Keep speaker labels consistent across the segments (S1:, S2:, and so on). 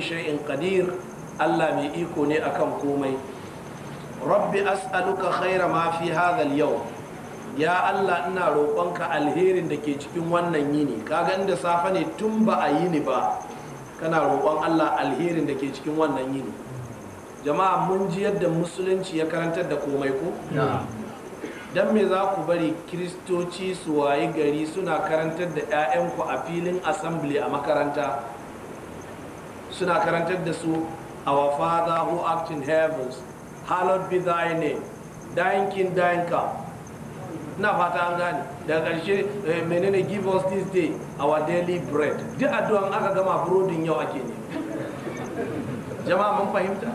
S1: shay'in qadir Allah mai iko ne akan komai rabbi as'aluka khaira ma fi hadha al-yawm ya Allah ina roƙonka alherin da ke cikin wannan yini ga inda safa ne tun ba a yini ba kana roƙon Allah alherin da ke cikin wannan yini jama'a mun ji yadda musulunci ya karantar da komai ko dan me za ku bari kiristoci su wayi gari suna karantar da 'ya'yanku a filin assembly a makaranta suna karantar da su our father who art in heavens hallowed be thy name dying king dying come na fata an gane daga ƙarshe eh, menene give us this day our daily bread duk addu'an aka gama burodin yau ake ne jama'a mun fahimta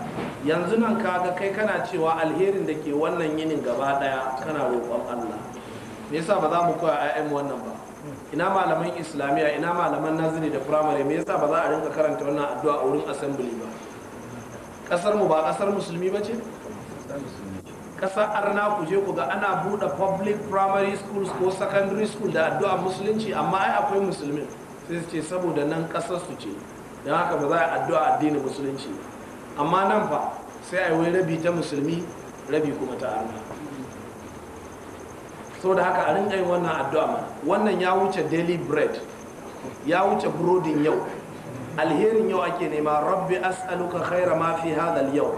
S1: yanzu nan kaga kai kana cewa alherin da ke wannan yinin gaba daya kana roƙon Allah me yasa ba za mu koya ayyan wannan ba ina malaman islamiyya ina malaman naziri da firamare me yasa ba za a rinka karanta wannan addu'a a wurin assembly ba kasar mu ba kasar musulmi ba ce arna ku je ku ga ana buɗe public primary schools ko secondary school da addu'a musulunci amma ai akwai musulmi sai su ce saboda nan kasar su ce don haka ba za a addu'a addinin musulunci amma nan fa sai a yi rabi ta musulmi rabi kuma ta arna da haka a rinka yin wannan addu'a ma wannan ya wuce daily bread ya wuce burodin yau alherin yau ake nema rabbi as'aluka khaira ma fi hadha yau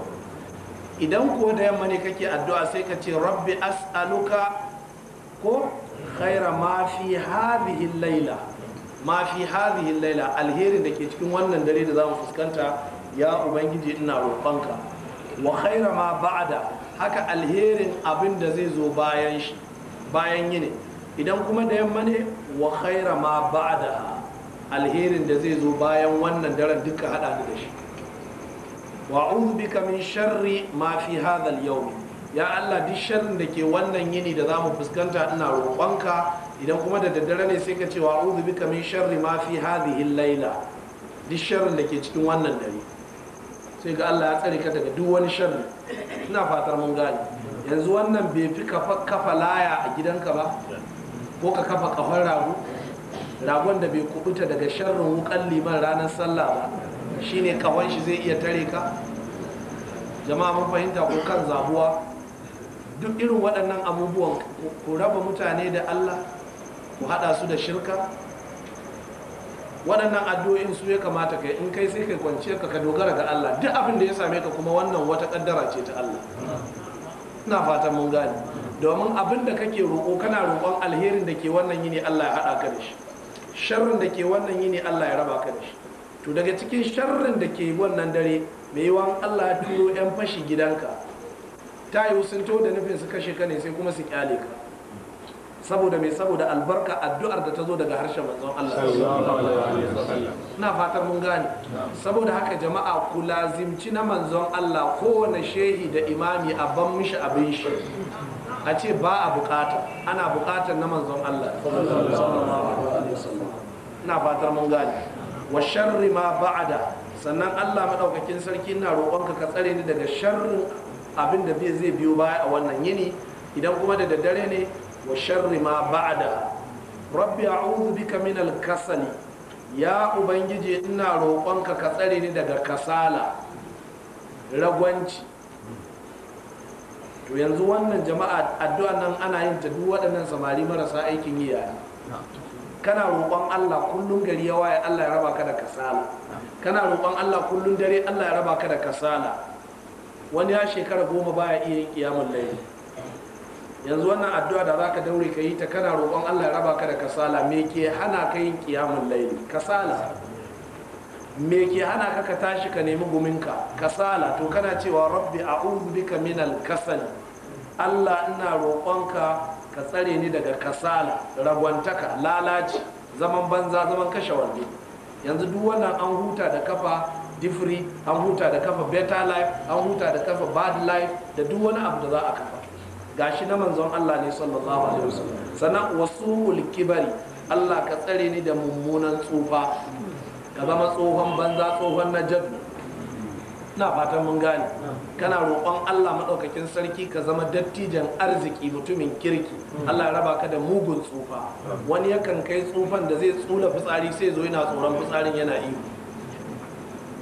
S1: idan ko da yamma ne kake addu'a sai ka ce rabbi as'aluka ko khaira ma fi hadhihi laila ma fi hadhihi laila alherin da ke cikin wannan dare da zamu fuskanta ya ubangiji ina roƙonka wa khaira ma ba'da haka alherin abin da zai zo bayan shi bayan yini idan kuma da yamma ne wa khaira ma ba'daha alherin da zai zo bayan wannan daren duka hada da shi wa bika min sharri ma fi hadha al-yawm ya Allah duk sharrin da ke wannan yini da zamu fuskanta ina roƙonka idan kuma da daddare ne sai ka ce wa a'udhu bika min sharri ma fi hadhihi al-laila duk sharrin da ke cikin wannan dare sai ga Allah ya tsare ka daga duk wani sharri ina fatar mun gane yanzu wannan bai fi kafa laya a gidanka ba ko ka kafa kafar rago ragon da bai kubuta daga sharrin wukan liman ranar sallah ba shine kafan shi zai iya tare ka jama'a mun fahimta ko kan zabuwa duk irin waɗannan abubuwan ku raba mutane da Allah ku haɗa su da shirka waɗannan addu'o'in su ya kamata kai in kai sai kai kwanciyar ka ka dogara ga Allah duk abin da ya same ka kuma wannan wata ƙaddara ce ta Allah ina fatan mun gane domin abin da kake roƙo kana roƙon alherin da ke wannan yini Allah ya haɗa ka da shi sharrin da ke wannan yini Allah ya raba ka da shi to daga cikin sharrin da ke wannan dare mai yiwuwa Allah ya turo 'yan fashi gidanka ta yi sun to da nufin su kashe ka ne sai kuma su kyale ka saboda mai saboda albarka addu'ar da ta zo daga harshen manzon Allah na fatar mun gane saboda haka jama'a ku lazimci na manzon Allah kowane shehi da imami a ban mishi abin shi a ce ba a bukata ana bukatar na manzon Allah na fatar mun gane wa sharri ma ba'ada sannan Allah madaukakin sarki na roƙonka ka tsare ni daga sharrin abin da zai biyo baya a wannan yini idan kuma da daddare ne wa sharri ma ba'ada. rabbi a'udhu bika min al-kasali ya ubangiji ina roƙonka ka tsare ni daga kasala ragwanci to yanzu wannan jama'a addu'a nan ana yin ta duk waɗannan samari marasa aikin yi yayi kana roƙon Allah kullum gari ya waye Allah ya raba ka da kasala kana roƙon Allah kullum dare Allah ya raba ka da kasala wani ya shekara goma baya iya yin kiyamul laifi yanzu wannan addu'a da zaka daure ka yi ta kana roƙon Allah ya raba ka da kasala me ke hana ka yin qiyamul layl kasala me ke hana ka ka tashi ka nemi guminka kasala to kana cewa rabbi a'udhu bika minal kasal Allah ina roƙonka ka tsare ni daga kasala ragwantaka lalaci zaman banza zaman kashe wande yanzu duk wannan an huta da kafa difri an huta da kafa better life an huta da kafa bad life da duk wani abu da za a kafa gashi na manzon Allah ne sallallahu alaihi wasallam sana kibari Allah ka tsare ni da mummunan tsufa ka zama tsohon banza tsohon najab na fatan mun gane kana roƙon Allah maɗaukakin sarki ka zama dattijan arziki mutumin kirki Allah ya raba ka da mugun tsufa wani yakan kai tsufan da zai tsula fitsari sai zo yana tsoron fitsarin yana iyo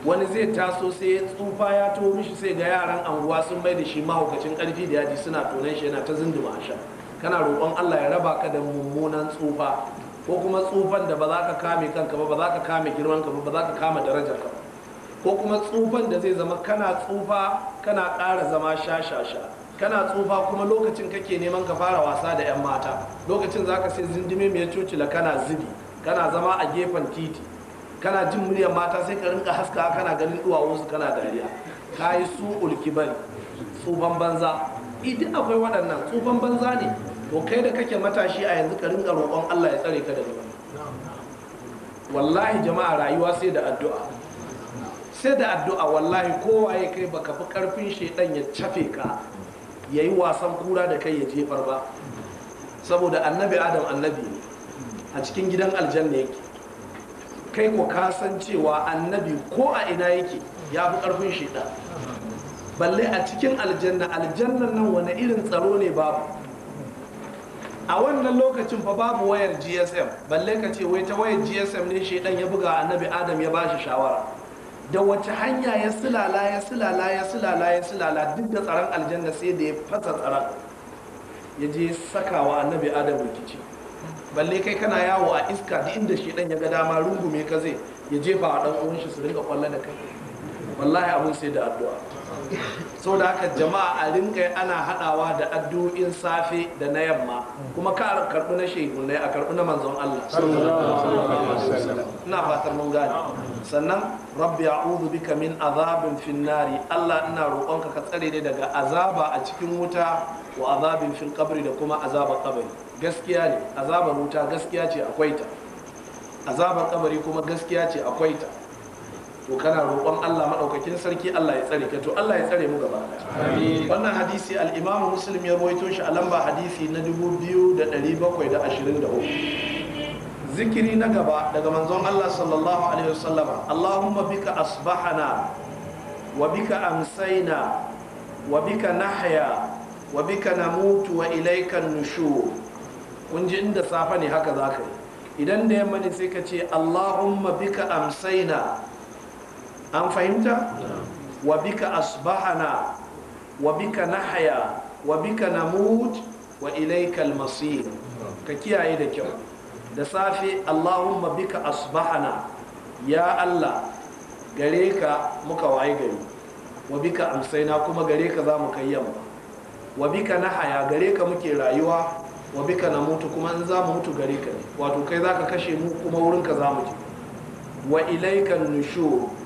S1: wani zai taso sai ya tsufa ya to mishi sai ga yaran anguwa sun mai da shi mahaukacin karfi da yaji suna tonan shi yana ta zunduma a shan kana roƙon Allah ya raba ka da mummunan tsufa ko kuma tsufan da ba za ka kame kanka ba ba za ka kame girman ka ba ba za ka kama darajar ka ko kuma tsufan da zai zama kana tsufa kana ƙara zama shashasha kana tsufa kuma lokacin kake neman ka fara wasa da 'yan mata lokacin za ka sai zindime mai cocila kana zubi kana zama a gefen titi kana jin muryar mata sai ka rinka haska kana ganin su kana dariya ka yi su ulkibari tsufan banza idan akwai waɗannan tsufan banza ne to kai da kake matashi a yanzu ka rinka roƙon allah ya tsare ka da wannan wallahi jama'a rayuwa sai da addu'a sai da addu'a wallahi kowa ya kai baka fi karfin shedan ya cafe ka yayi wasan kura da kai ya jefar ba saboda annabi adam annabi ne a cikin gidan aljanna yake kai ko ka san cewa annabi ko a ina yake ya fi ƙarfin shida balle a cikin aljanna aljannan nan wani irin tsaro ne babu a wannan lokacin fa babu wayar gsm balle ka ce wai ta wayar gsm ne shaidan ya buga annabi adam ya bashi shawara da wata hanya ya silala ya silala ya silala ya silala duk da tsaron aljanna sai da ya fasa tsaron ya je sakawa annabi adam rikici balle kai kana yawo a iska da inda shi dan ya ga dama rungume ka zai ya jefa a dan uwan shi su rinka kwallon da kai wallahi abun sai da addu'a so da haka jama'a a rinka ana hadawa da addu'o'in safe da na yamma kuma ka karɓi na shehu ne a karɓi na manzon Allah ina fatar mun gane sannan rabbi a'udhu bika min azabin finnari Allah ina roƙonka ka tsare ni daga azaba a cikin wuta wa azabin fil qabri da kuma azabar kabari gaskiya ne azabar wuta gaskiya ce akwai ta azabar kabari kuma gaskiya ce akwai ta to kana roƙon Allah maɗaukakin sarki Allah ya tsare ka to Allah ya tsare mu gaba wannan hadisi al-Imam Muslim ya rawaito shi a lamba hadisi na 2724 zikiri na gaba daga manzon Allah sallallahu alaihi wasallama Allahumma bika asbahana wa bika amsayna wa bika nahya wa bika namutu wa ilayka nushur kun ji inda safa ne haka zaka yi idan da yamma ne sai ka ce Allahumma bika amsayna an fahimta wa bika asbahana wa bika nahya wa bika namut wa ilayka almasir ka kiyaye da kyau da safe allahumma bika asbahana ya allah gare ka muka waye gari wa bika amsaina kuma gare ka za mu kai yamma wa bika nahaya gare ka muke rayuwa wa bika namutu kuma in za mu mutu gare ka wato kai za ka kashe mu kuma wurinka ka za mu je wa ilaikan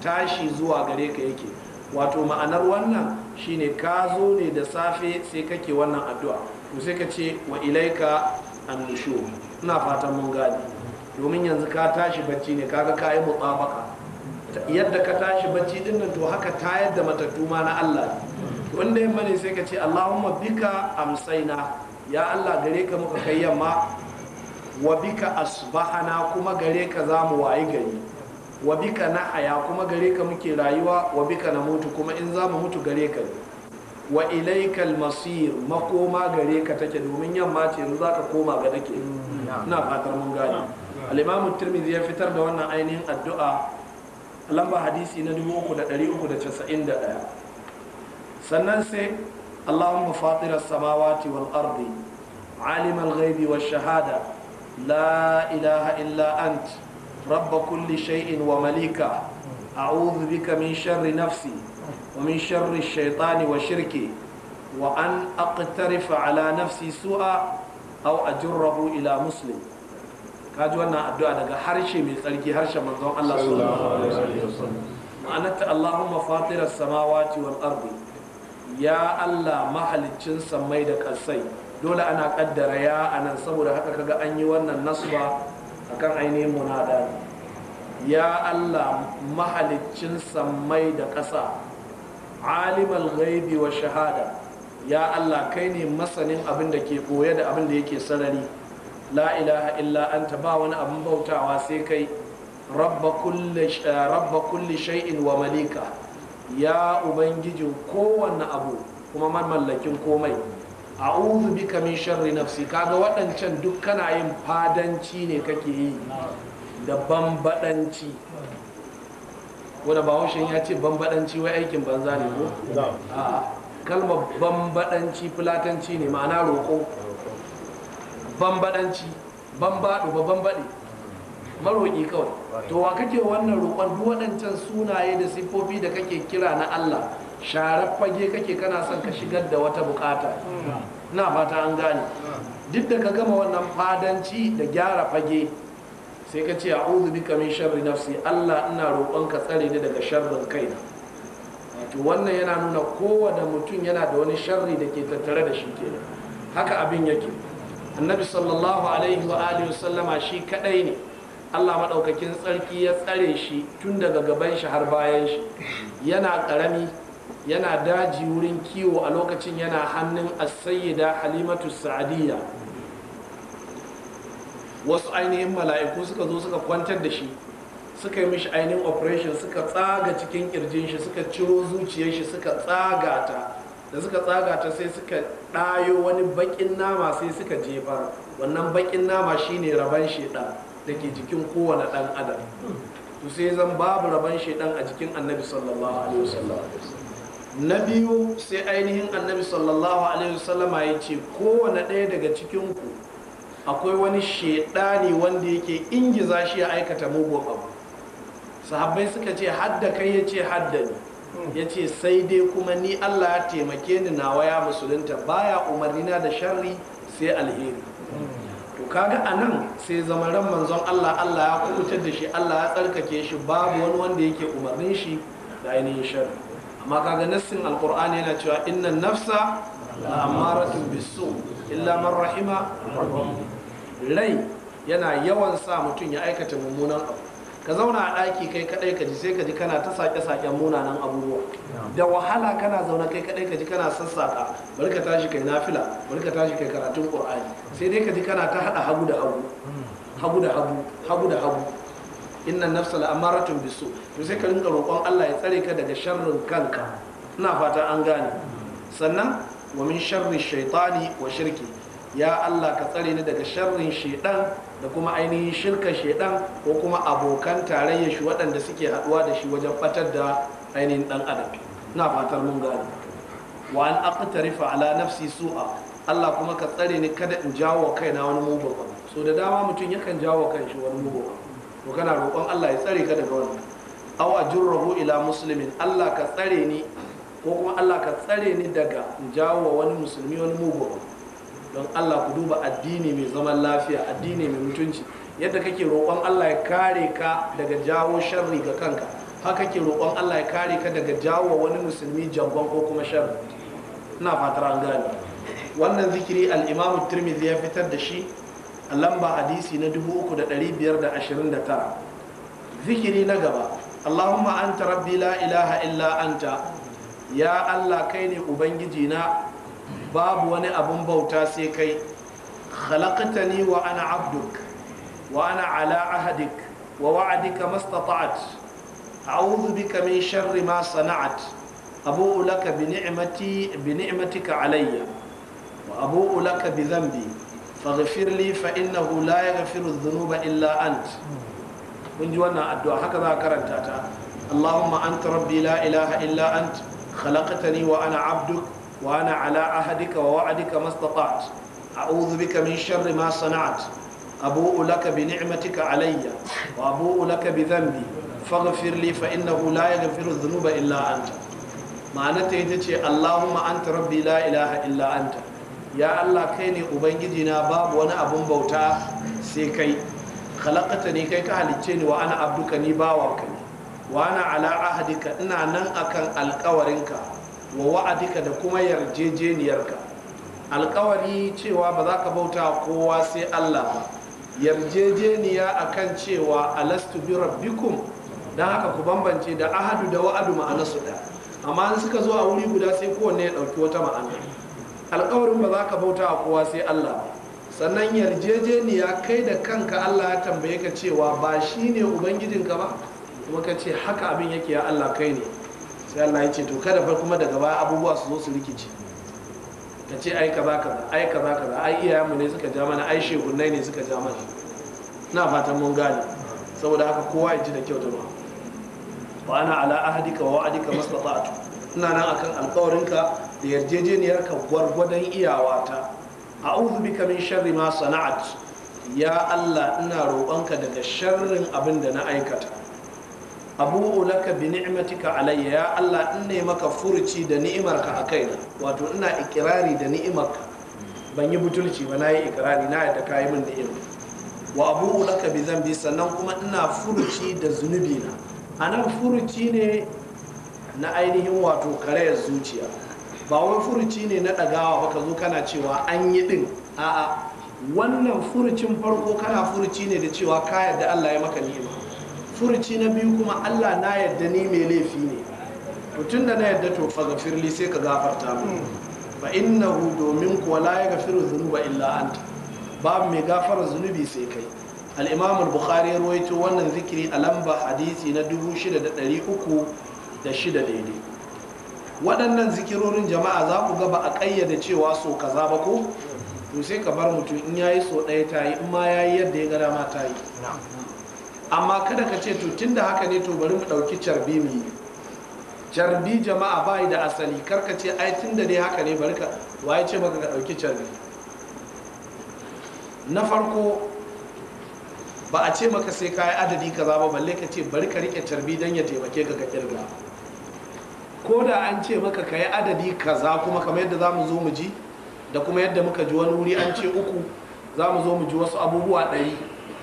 S1: tashi zuwa gare ka yake wato ma'anar wannan shine ka zo ne da safe sai kake wannan addu'a to sai ka ce wa ilaika an ina fatan mun gani domin yanzu ka tashi bacci ne kaga ka yi baka yadda ka tashi bacci din nan to haka tayar da matattu ma na Allah wanda yamma ne sai ka ce Allahumma bika amsaina ya Allah gare ka muka kai yamma wa bika asbahana kuma gare ka mu wayi gari wa bika nahaya kuma gare ka muke rayuwa wa bika mutu kuma in za mu mutu gare ka wa ilaikal masir makoma gare ka take domin yamma ce yanzu zaka koma ga dake. Mm. ina fatar mun gane al-imamu tirmidhi ya fitar da wannan ainihin addu'a lamba hadisi na 3391 sannan sai اللهم فاطر السماوات والأرض ghaibi الغيب shahada. La Ilaha illa أنت رب كل شيء ومليكه أعوذ بك من شر نفسي ومن شر الشيطان وشركي وأن أقترف على نفسي سوءا أو أجره إلى مسلم kaji wannan addu'a daga harshe mai tsarki harshen manzon Allah sallallahu alaihi wasallam ma'anata Allahumma fatira samawati wal ardi ya Allah mahaliccin sammai da ƙasai. dole ana kaddara ya anan saboda haka kaga an yi wannan nasba akan ainihin munada ya Allah mahaliccin sammai da ƙasa alimal ghaibi wa shahada ya Allah kai ne masanin abin da ke ɓoye da abin da yake sarari la ilaha illa anta ba wani abin bautawa sai kai rabba kulli eh, shay'in wa malika ya ubangijin kowanne abu kuma mallakin komai a'udhu bika min sharri nafsi kaga waɗancan duk kana yin fadanci ne kake yi da bambadanci wanda bahaushen ya ce bambadanci wai aikin banza ne ko kalma bambadanci fulatanci ne ma'ana roƙo bambadanci bambaɗo ba bambaɗe maroƙi kawai to wa kake wannan roƙon duk waɗancan sunaye da siffofi da kake kira na Allah sharar fage kake kana son ka shigar da wata bukata na fata an gane duk da ka gama wannan fadanci da gyara fage sai ka ce a bika kamin sharri nafsi Allah ina roƙon ka tsare ni daga sharrin kaina wato wannan yana nuna kowane mutum yana da wani sharri da ke tattare da shi kenan haka abin yake annabi sallallahu alaihi wa alihi wa sallama shi kadai ne Allah maɗaukakin tsarki ya tsare shi tun daga gaban shi har bayan shi yana ƙarami yana daji wurin kiwo a lokacin yana hannun asayida halimatu sa'adiyya wasu ainihin mala'iku suka zo suka kwantar da shi suka yi mishi ainihin operation suka tsaga cikin kirjin shi suka ciro zuciyar shi suka tsaga ta da suka tsaga ta sai suka ɗayo wani bakin nama sai suka jefar wannan bakin nama shi shine raban shedan da ke jikin kowane ɗan adam to sai zan babu raban shedan a jikin annabi sallallahu alaihi wasallam na biyu sai ainihin annabi sallallahu alaihi wasallama ya ce kowane ɗaya daga cikinku akwai wani shaidani wanda yake ingiza shi ya aikata mugun abu sahabbai suka ce hadda kai ya ce hadda ni ya ce sai dai kuma ni allah ya taimake ni nawa ya musulunta baya umarnina da sharri sai alheri to kaga a nan sai zama ran manzon allah allah ya kubutar da shi allah ya tsarkake shi babu wani wanda yake umarnin shi da ainihin sharri amma kaga nassin alqur'ani yana cewa innan nafsa la amaratun bisu illa man rahima rai yana yawan sa mutum ya aikata mummunan abu ka zauna a ɗaki kai kadai ka ji sai ka ji kana ta sake-saken munanan abubuwa da wahala kana zauna kai kadai ka ji kana sassaka bari ka tashi kai nafila bari ka tashi kai karatun ƙur'ani sai dai ka ji kana ta haɗa hagu da hagu hagu da hagu hagu da hagu inna nafsa la'amaratun bisu to sai ka rinka roƙon Allah ya tsare ka daga sharrin kanka ina fata an gane sannan wa min sharri shaytani wa shirki ya Allah ka tsare ni daga sharrin shaidan da kuma ainihin shirka shaidan ko kuma abokan tarayya shi waɗanda suke haɗuwa da shi wajen ɓatar da ainihin dan adam ina fatar mun gane wa an aqtarifa ala nafsi su'a Allah kuma ka tsare ni kada in jawo kaina wani mugun abu so da dama mutum yakan jawo kanshi wani mugun abu to kana roƙon Allah ya tsare ka daga wannan aw ajurruhu ila muslimin Allah ka tsare ni ko kuma Allah ka tsare ni daga jawo wani musulmi wani mugu don Allah ku duba addini mai zaman lafiya addini mai mutunci yadda kake roƙon Allah ya kare ka daga jawo sharri ga kanka haka ke roƙon Allah ya kare ka daga jawo wani musulmi jangon ko kuma sharri ina fatar an gane wannan zikiri al-Imam Tirmidhi ya fitar da shi a lamba hadisi na 3529 zikiri na gaba allahumma anta rabbi la ilaha illa anta ya allah kai ne ubangiji na babu wani abun bauta sai kai khalaqtani wa ana abduk wa ana ala ahadik wa wa'adika mastata'at a'udhu bika min sharri ma sana'at abu'u laka bi ni'mati bi ni'matika alayya wa abu'u laka bi dhanbi faghfir li fa innahu la yaghfiru dhunuba illa ant kun ji wannan addu'a haka za a karanta ta Allahumma anta rabbi la ilaha illa ant khalaqtani wa ana abduk wa ana ala ahadika wa wa'adika mastata'at a'udhu bika min sharri ma sana'at abu'u laka bi ni'matika alayya wa abu'u laka bi dhanbi faghfir li fa innahu la yaghfiru dhunuba illa anta ma'anata ita ce Allahumma anta rabbi la ilaha illa anta ya Allah kai ne ubangiji na babu wani abun bauta sai kai khalaqata ne kai ka halicce ni wa ana abduka ni ka ne wa ana ala ahdika ina nan akan alkawarinka wa wa'adika da kuma yarjejeniyarka alkawari cewa ba za ka bauta kowa sai Allah ba yarjejeniya akan cewa alastu bi rabbikum dan haka ku bambance da ahadu da wa'adu ma'anarsu da. amma in suka zo a wuri guda sai kowanne ya ɗauki wata ma'ana alkawarin ba za ka bauta a kowa sai Allah sannan yarjejeniya kai da kanka Allah ya tambaye ka cewa ba shi ne ubangijinka ba kuma ka ce haka abin yake ya Allah kai ne sai Allah ya ce to kada fa kuma daga baya abubuwa su zo su rikice ka ce ai kaza kaza ai kaza kaza ai iyayenmu ne suka ja mana ai shegunnai ne suka ja mana na fatan mun gane saboda haka kowa ya ji da kyau jama'a wa ana ala ahadika wa wa'adika mastata'tu ina nan akan alƙawarinka da yarjejeniyar ka gwargwadon iyawata a bika min sharri ma sana'at ya Allah ina roƙonka daga sharrin abin da na aikata abu'u laka bi ni'matika alayya ya Allah in ne maka furuci da ni'imarka a kaina wato ina ikirari da ni'imarka ban yi butulci ba na yi ikirari na yadda kayi min ni'ima wa abu'u laka bi sannan kuma ina furci da zunubi na anan furci ne na ainihin wato karayar zuciya ba wani furuci ne na ɗagawa ba ka zo kana cewa an yi ɗin a'a wannan furucin farko kana furuci ne da cewa ka yadda Allah ya maka nima furuci na biyu kuma Allah na yadda ni mai laifi ne to tun da na yadda to firli sai ka gafarta mu fa innahu domin kuwa la yaghfiru dhunuba illa anta babu mai gafara zunubi sai kai al-imam al-bukhari ya rawaito wannan zikiri a lamba hadisi na 6306 daidai waɗannan zikirorin jama'a za ku gaba a ƙayyade cewa so kaza ba ko to sai ka bar mutum in yayi so ɗaya ta yi in ma yayi yadda ya gada ma ta yi amma kada ka ce to tunda haka ne to bari mu ɗauki carbi mu yi carbi jama'a bai da asali karka ce ai tunda dai haka ne bari ka waye ce maka ka ɗauki carbi na farko ba a ce maka sai ka yi adadi kaza ba balle ka ce bari ka riƙe carbi don ya taimake ka ka ƙirga. ko da an ce maka ka yi adadi kaza kuma kamar yadda za mu zo mu ji da kuma yadda muka ji wani wuri an ce uku za mu zo mu ji wasu abubuwa ɗari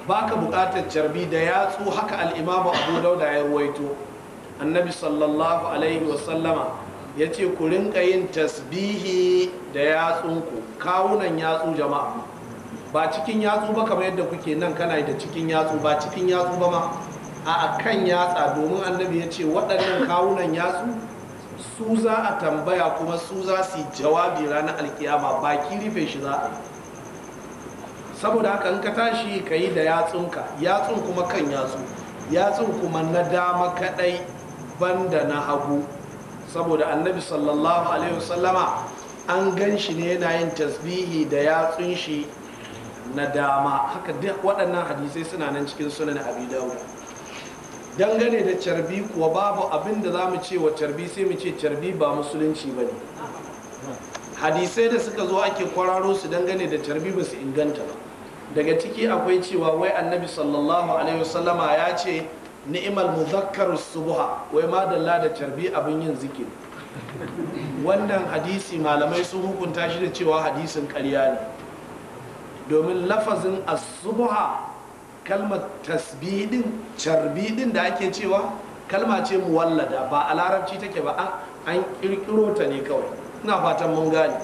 S1: ba ka buƙatar carbi da yatsu haka al'imamu abu dauda ya ruwaito annabi sallallahu alaihi wasallama ya ce ku rinka yin tasbihi da yatsunku kawunan yatsu jama'a ba cikin yatsu ba kamar yadda kuke nan kana da cikin yatsu ba cikin yatsu ba ma a kan yatsa domin annabi ya ce waɗannan kawunan yatsu su za a tambaya kuma su za su yi jawabi ranar alkiyama baki rufe shi za a yi saboda haka in ka tashi ka yi da yatsunka yatsun kuma kan yatsu yatsun kuma na dama kadai banda na hagu saboda annabi sallallahu alaihi wasallama an gan shi ne yana yin tasbihi da yatsun shi na dama haka duk waɗannan hadisai suna nan cikin sunan abi dangane da carbi kuwa babu abin da za mu ce wa carbi sai mu ce carbi ba musulunci ba ne hadisai da suka zo ake kwararo su dangane da carbi ba su inganta ba daga ciki akwai cewa wai annabi sallallahu alaihi wasallama ya ce ni'imal muzakkar subha wai madalla da carbi abin yin zikiri wannan hadisi malamai sun hukunta shi da cewa hadisin karya ne domin lafazin as kalmar tasbidin carbidin da ake cewa kalma ce mu wallada. ba a larabci take ba an kirkiro ta ne kawai ina fatan mun gane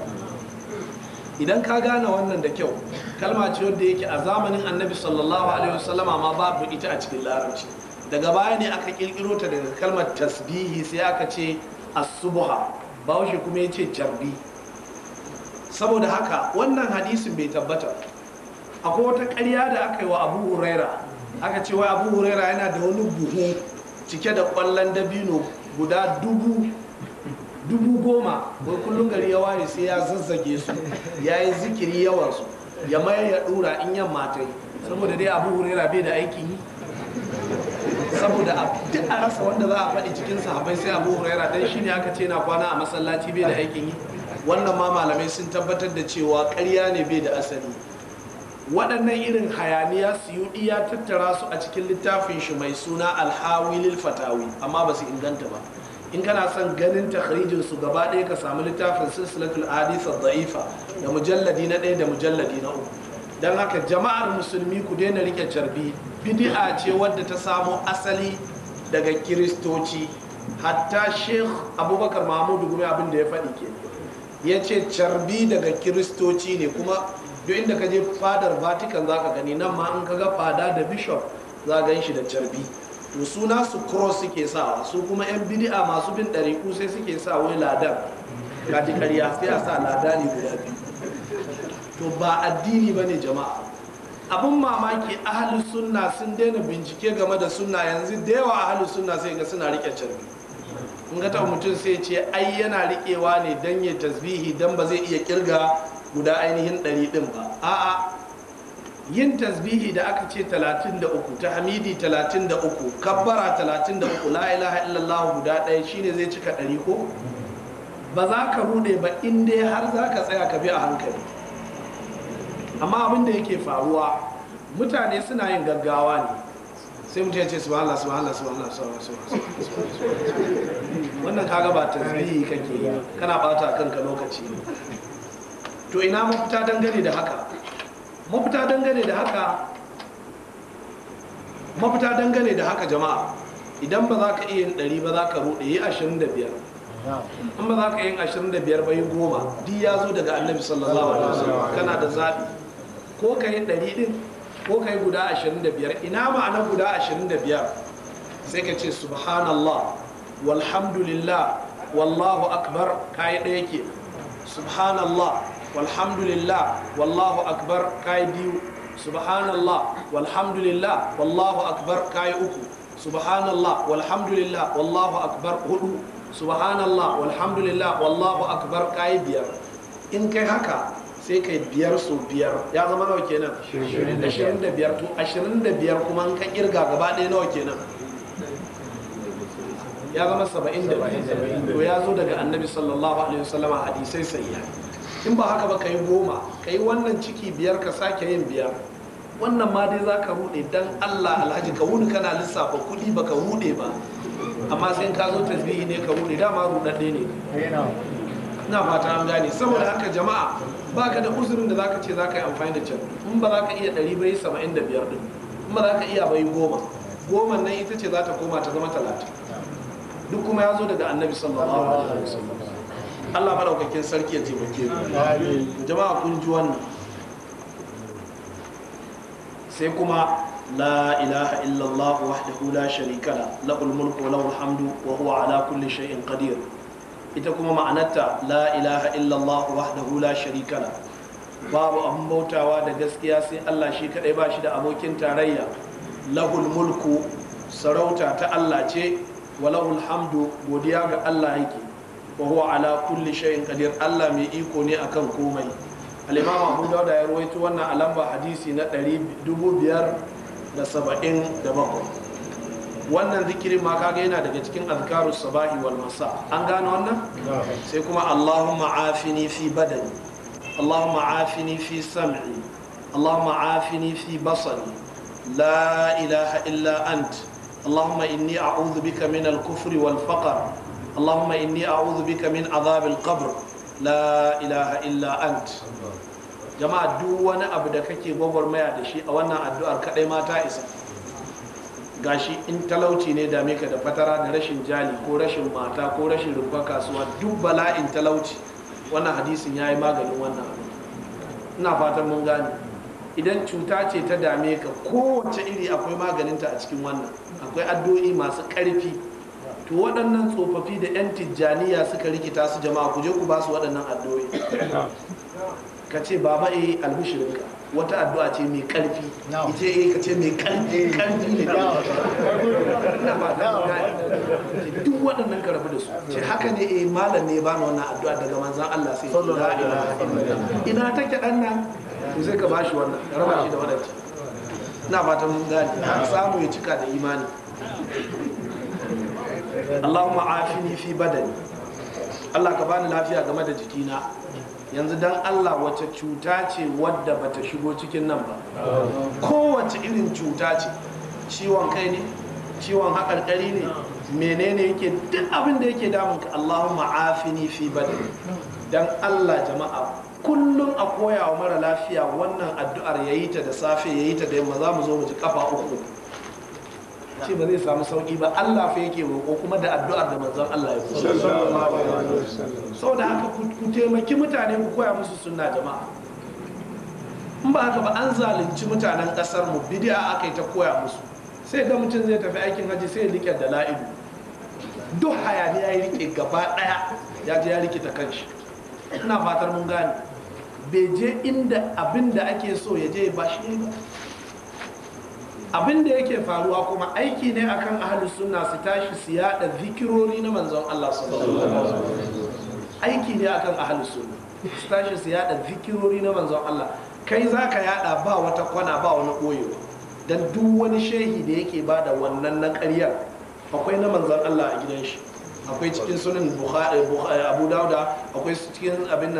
S1: idan ka gane wannan da kyau kalma ce wadda yake a zamanin annabi sallallahu alaihi wasallama ma babu ita a cikin larabci daga baya ne aka kirkiro ta daga kalmar tasbihi sai aka ce asubuha bahaushe kuma ya ce jarbi. saboda haka wannan hadisin bai tabbata akwai wata ƙarya da aka yi wa abu huraira aka ce wa abu huraira yana da wani buhu cike da kwallon dabino guda dubu dubu goma wai kullum gari ya ware sai ya zazzage su ya yi zikiri yawansu ya maye ya dura in yamma ta yi saboda dai abu huraira bai da aiki yi saboda duk a rasa wanda za a faɗi cikin sahabai sai abu huraira dan ne aka ce na kwana a masallaci bai da aikin yi wannan ma malamai sun tabbatar da cewa karya ne bai da asali waɗannan irin hayaniya su yi ya tattara su a cikin littafin shi mai suna alhawilil fatawi amma ba su inganta ba in kana son ganin takhrijin su gaba ɗaya ka samu littafin silsilatul hadith da'ifa da mujalladi na ɗaya da mujalladi na uku don haka jama'ar musulmi ku daina rike carbi bidi'a ce wadda ta samo asali daga kiristoci hatta sheikh abubakar mahmudu gumi abin da ya faɗi ke ya ce carbi daga kiristoci ne kuma duk inda ka je fadar vatican za ka gani nan ma an kaga fada da bishop za gan shi da carbi to suna su cross suke sawa su kuma yan bidi'a masu bin ɗariku sai suke sa wai ladan kaji karya sai a sa ne guda biyu to ba addini ba ne jama'a abin mamaki ahalus sunna sun daina bincike game da sunna yanzu da yawa ahalus sunna sai ga suna rike carbi in ga mutum sai ce ai yana riƙewa ne dan ya tasbihi dan ba zai iya kirga guda ainihin ɗari ɗin ba a'a yin tasbihi da aka ce 33 hamidi 33 kabbara 33 la ilaha illallah guda ɗaya shine zai cika ɗari ko ba za ka rude ba in dai har za ka tsaya ka bi a hankali amma abin da yake faruwa mutane suna yin gaggawa ne sai mutum ya ce su su su subhanallah su subhanallah wannan kaga ba tasbihi kake yi kana bata kanka lokaci to ina mafita dangane da haka mafita dangane da haka mafita dangane da haka jama'a idan ba za ka iya yin ɗari ba za ka rude yi ashirin da biyar in ba za ka yin ashirin da biyar ba yi goma di ya zo daga annabi sallallahu alaihi wasallam kana da zaɓi ko ka yi ɗari ɗin ko ka yi guda ashirin da biyar ina ma'ana guda ashirin da biyar sai ka ce subhanallah walhamdulillah wallahu akbar ka yi ɗaya ke subhanallah walhamdulillah wallahu akbar kai biyu subhanallah walhamdulillah wallahu akbar kai uku subhanallah walhamdulillah wallahu akbar hudu subhanallah walhamdulillah wallahu akbar kai biyar in kai haka sai kai biyar so biyar ya zama nawa kenan 25 to 25 kuma an ka kirga gaba ɗaya kenan ya zama 70 to ya zo daga annabi sallallahu alaihi wasallam hadisai sahiha in ba haka ba ka yi goma ka yi wannan ciki biyar ka sake yin biyar wannan ma dai za ka rude dan allah alhaji ka wuni kana lissafa kudi ba ka rude ba amma sai ka zo tasbihi ne ka rude dama rudadde ne na fata an gane saboda haka jama'a ba ka da uzurin da za ka ce za ka yi amfani da can in ba za ka iya 100 bai biyar din in ba za ka iya bai goma goma nan ita ce za ta koma ta zama talatin duk kuma ya zo daga annabi sallallahu alaihi wasallam Allah madaukakin sarki ya ce mu jama'a kun ji wannan sai kuma la ilaha illallah wahdahu la sharika la lahul mulku wa lahul hamdu wa huwa ala kulli shay'in qadir ita kuma ma'anarta la ilaha illallah wahdahu la sharika la babu abun bautawa da gaskiya sai Allah shi kadai ba shi da abokin tarayya lahul mulku sarauta ta Allah ce wa lahul hamdu godiya ga Allah yake wa huwa ala kulli shay'in qadir Allah mai iko ne akan komai al-imam Abu Dawud ya rawaito wannan a lamba hadisi na 2577 wannan zikirin ma kaga yana daga cikin azkaru sabahi wal masa an gano wannan sai kuma Allahumma afini fi badani Allahumma afini fi sam'i Allahumma afini fi basari la ilaha illa ant Allahumma inni a'udhu bika min al-kufri wal اللهم إني أعوذ بك من عذاب القبر لا إله إلا أنت jama'a duk wani abu da kake gwagwarmaya da shi a wannan addu'ar kaɗai ma ta isa gashi in talauci ne dame ka da fatara da rashin jali ko rashin mata ko rashin rumfa kasuwa duk bala in talauci wannan hadisin ya yi maganin wannan abu ina fatan mun gane idan cuta ce ta dame ka kowace iri akwai maganinta a cikin wannan akwai addu'o'i masu ƙarfi to waɗannan tsofaffi da 'yan tijjaniya suka rikita su jama'a ku je ku ba su waɗannan addu'o'i ka ce baba eh albishirinka wata addu'a ce mai ƙarfi ita eh ka ce mai ƙarfi eh. ƙarfi ne ba ta duk waɗannan ka rabu da su ce haka ne eh malam ne ba na wannan addu'a daga manzan Allah sai ina take ɗan nan Ku sai ka bashi wannan ka raba shi da waɗancan ina fatan mun gane samu ya cika da imani Allahumma afini fi badani Allah ka bani lafiya game da jikina yanzu dan Allah wata cuta ce wadda bata shigo cikin nan ba kowace irin cuta ce ciwon kai ne ciwon haƙarƙari ne menene yake duk abin da yake damun ka Allahumma afini fi badani dan Allah jama'a kullum a koyawa mara lafiya wannan addu'ar yayi ta da safe yayi ta da yamma za mu zo mu ji kafa uku ce ba zai samu sauki ba Allah fa yake roƙo kuma da addu'ar da manzon Allah ya so da haka ku taimaki mutane ku koya musu sunna jama'a in ba haka ba an zalunci mutanen ƙasar mu bidiya aka yi ta koya musu sai da mutum zai tafi aikin haji sai ya rike da la'ilu duk hayaniya ya rike gaba ɗaya ya je ya rike ta kanshi ina fatar mun gane bai je inda abin da ake so ya je ba shi ne ba abin da yake faruwa kuma aiki ne akan ahlus sunna su tashi su yada zikirori na manzon Allah sallallahu alaihi
S2: wasallam
S1: aiki ne akan ahlus sunna su tashi su yada zikirori na manzon Allah kai zaka yada ba wata kwana ba wani koyo dan duk wani shehi da yake bada wannan na ƙaryar akwai na manzon Allah a gidan shi akwai cikin sunan abu dauda akwai cikin abin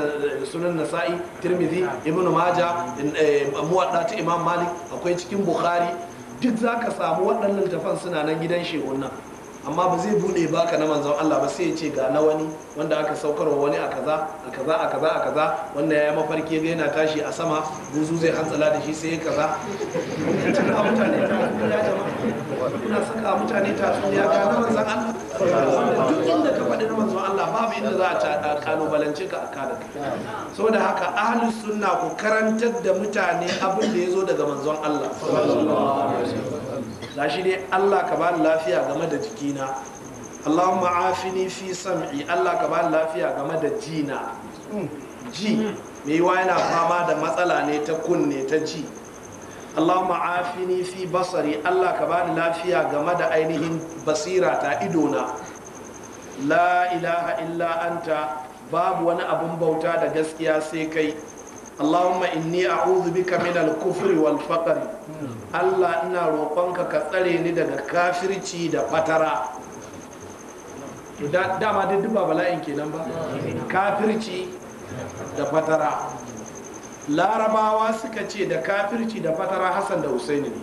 S1: sunan nasa'i tirmidhi ibnu maja eh, muwadda ta imam malik akwai cikin bukhari duk za ka samu waɗannan tafan suna nan gidan shehun nan amma ba zai bude baka na manzon Allah ba sai ya ce ga na wani wanda aka saukar wa wani a kaza a kaza a kaza a kaza wanda ya mafarki ga yana tashi a sama buzu zai hanzala da shi sai ya kaza kuna mutane ta kuna saka mutane ta sun ya ga na manzon Allah duk inda ka faɗi na manzon Allah babu inda za a kalubalance ka a kada saboda haka ahlus sunna ku karantar da mutane abin da ya zo daga manzon Allah sallallahu alaihi wasallam gashi dai Allah ka bani lafiya game da jikina Allahumma afini fi sam'i Allah ka bani lafiya game da jina hmm. ji mai yiwa yana fama da matsala ne ta kunne ta ji Allahumma afini fi basari Allah ka bani lafiya game da ainihin basira ta idona la ilaha illa anta babu wani abin bauta da gaskiya sai kai Allahumma inni a'udhu bika ka minal kufri wal Allah ina roƙonka ka tsare ni daga kafirci da fatara da dama duk duba bala'in nan ba kafirci da fatara larabawa suka ce da kafirci da fatara Hassan da Husaini ne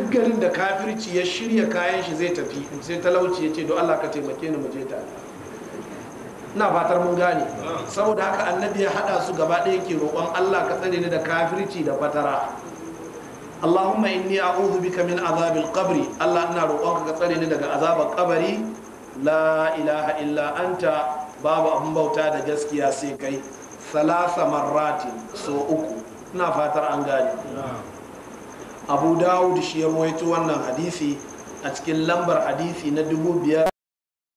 S1: duk garin da kafirci ya shirya kayan shi zai tafi sai talauci ya ce do Allah ka taimake ni mu je tare ina fatar mun gane saboda haka annabi ya hada su gaba ɗaya ke roƙon Allah ka tsare ni da kafirci da fatara Allahumma inni a'udhu bika min azabil qabri Allah ina roƙonka ka tsare ni daga azabar kabari la ilaha illa anta babu abun bauta da gaskiya sai kai salasa marrati so uku ina fatar an gane Abu Dawud shi ya rawaito wannan hadisi a cikin lambar hadisi na dubu biyar